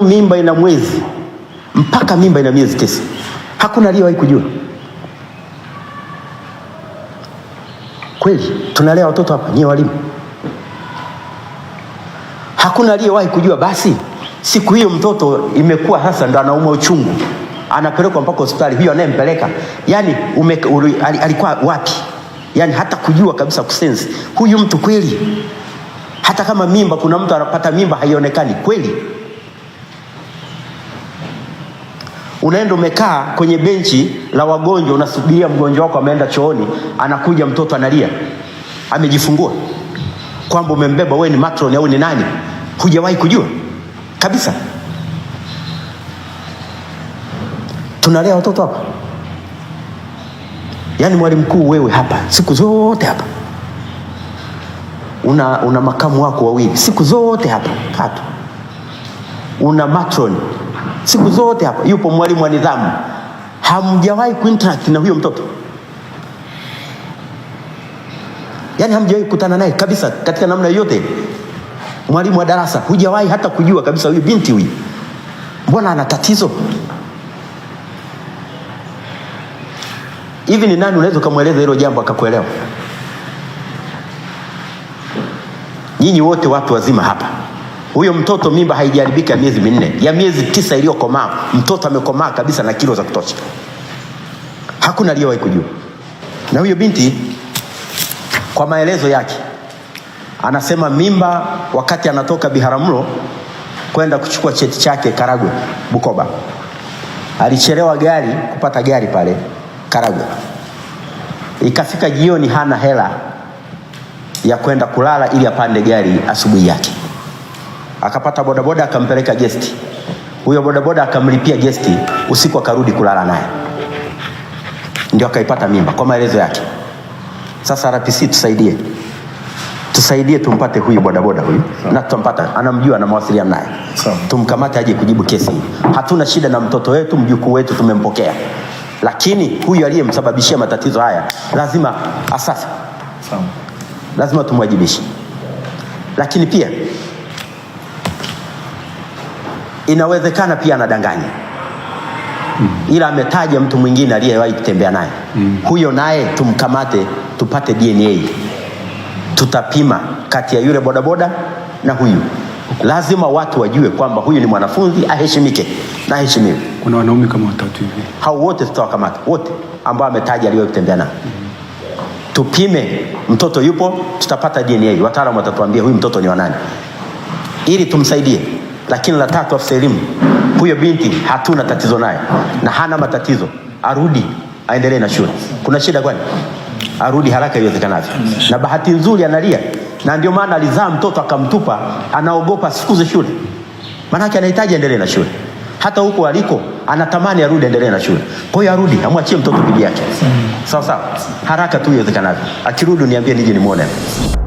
mimba ina mwezi mpaka mimba ina miezi tisa, hakuna aliyewahi kujua. Kweli tunalea watoto hapa, nyie walimu, hakuna aliyewahi kujua. Basi siku hiyo mtoto imekuwa sasa ndo anauma uchungu, anapelekwa mpaka hospitali. Huyo anayempeleka yani ume, uri, alikuwa wapi? Yani hata kujua kabisa kusensi huyu mtu kweli, hata kama mimba, kuna mtu anapata mimba haionekani kweli Unaenda umekaa kwenye benchi la wagonjwa, unasubiria mgonjwa wako ameenda chooni, anakuja mtoto analia, amejifungua, kwamba umembeba wewe ni matron au ni nani? Hujawahi kujua kabisa. Tunalea watoto hapa, yaani mwalimu mkuu wewe hapa, siku zote hapa una, una makamu wako wawili siku zote hapa, tatu, una matron siku zote hapa yupo mwalimu wa nidhamu, hamjawahi kuinteract na huyo mtoto yaani hamjawahi kukutana naye kabisa katika namna yoyote. Mwalimu wa darasa hujawahi hata kujua kabisa huyo binti huyu mbona ana tatizo hivi. Ni nani unaweza ukamweleza hilo jambo akakuelewa? Nyinyi wote watu wazima hapa huyo mtoto mimba haijaharibika ya miezi minne, ya miezi tisa iliyokomaa, mtoto amekomaa kabisa na kilo za kutosha. Hakuna aliyewahi kujua. Na huyo binti kwa maelezo yake anasema mimba wakati anatoka Biharamulo kwenda kuchukua cheti chake Karagwe Bukoba, alichelewa gari kupata gari pale Karagwe, ikafika jioni, hana hela ya kwenda kulala ili apande gari asubuhi yake akapata bodaboda akampeleka gesti, huyo bodaboda akamlipia gesti, usiku akarudi kulala naye, ndio akaipata mimba, kwa maelezo yake. Sasa RPC tusaidie, tusaidie tumpate huyu bodaboda huyu, na tutampata, anamjua na mawasiliano naye, tumkamate aje kujibu kesi. Hatuna shida na mtoto wetu, mjukuu wetu tumempokea, lakini huyu aliyemsababishia matatizo haya lazima asafi, lazima tumwajibishe, lakini pia inawezekana pia anadanganya mm. ila ametaja mtu mwingine aliyewahi kutembea naye mm. huyo naye tumkamate, tupate DNA, tutapima kati ya yule bodaboda na huyu okay. Lazima watu wajue kwamba huyu ni mwanafunzi aheshimike na heshimiwe. Kuna wanaume kama watatu hivi, hao wote tutawakamata wote ambao ametaja aliyewahi kutembea naye mm. Mm-hmm. Tupime mtoto yupo, tutapata DNA, wataalamu watatuambia huyu mtoto ni wa nani, ili tumsaidie. Lakini la tatu, afisa elimu, huyo binti hatuna tatizo naye na hana matatizo, arudi aendelee na shule. Kuna shida kwani? Arudi haraka iwezekanavyo. Na bahati nzuri analia, na ndio maana alizaa mtoto akamtupa, anaogopa sikuze shule, maanake anahitaji aendelee na shule hata huko aliko anatamani arudi aendelee na shule. Kwa hiyo arudi, amwachie mtoto bibi yake, sawa sawa, haraka tu iwezekanavyo. Akirudi niambie, nije nimwone.